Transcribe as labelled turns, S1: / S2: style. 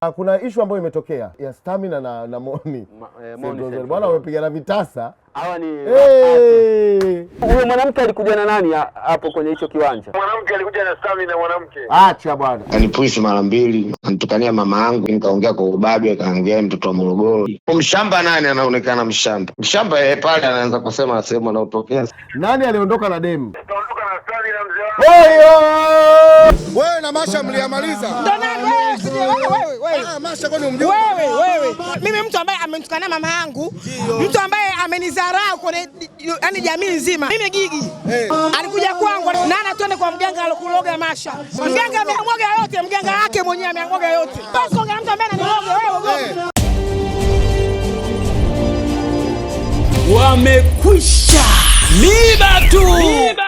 S1: Ah, kuna ishu ambayo imetokea ya Stamina na, na Moni eh, bwana wamepigana vitasa. Hawa ni
S2: huyo mwanamke alikuja na nani hapo kwenye hicho kiwanja?
S3: Mwanamke alikuja na Stamina mwanamke.
S1: Acha bwana.
S4: Anipush mara mbili, anitukania mama yangu, nikaongea kwa ubabe, kaongea mtoto wa Morogoro. Mshamba nani anaonekana mshamba? Mshamba yeye eh, pale anaanza kusema sehemu anaotokea.
S1: Nani aliondoka na demu?
S5: Aliondoka na Stamina mzee
S1: wangu na Masha mliamaliza?
S6: Ah, Mimi mtu ambaye amemtukana mama yangu, mtu ambaye amenidharau yani jamii nzima. Mimi Gigi alikuja kwangu ana twende kwa mganga alokuloga Masha. Mganga ameamwaga yote, mganga wake mwenyewe ameamwaga yote. Mtu ambaye ananiloga wewe wamekwisha miba tu.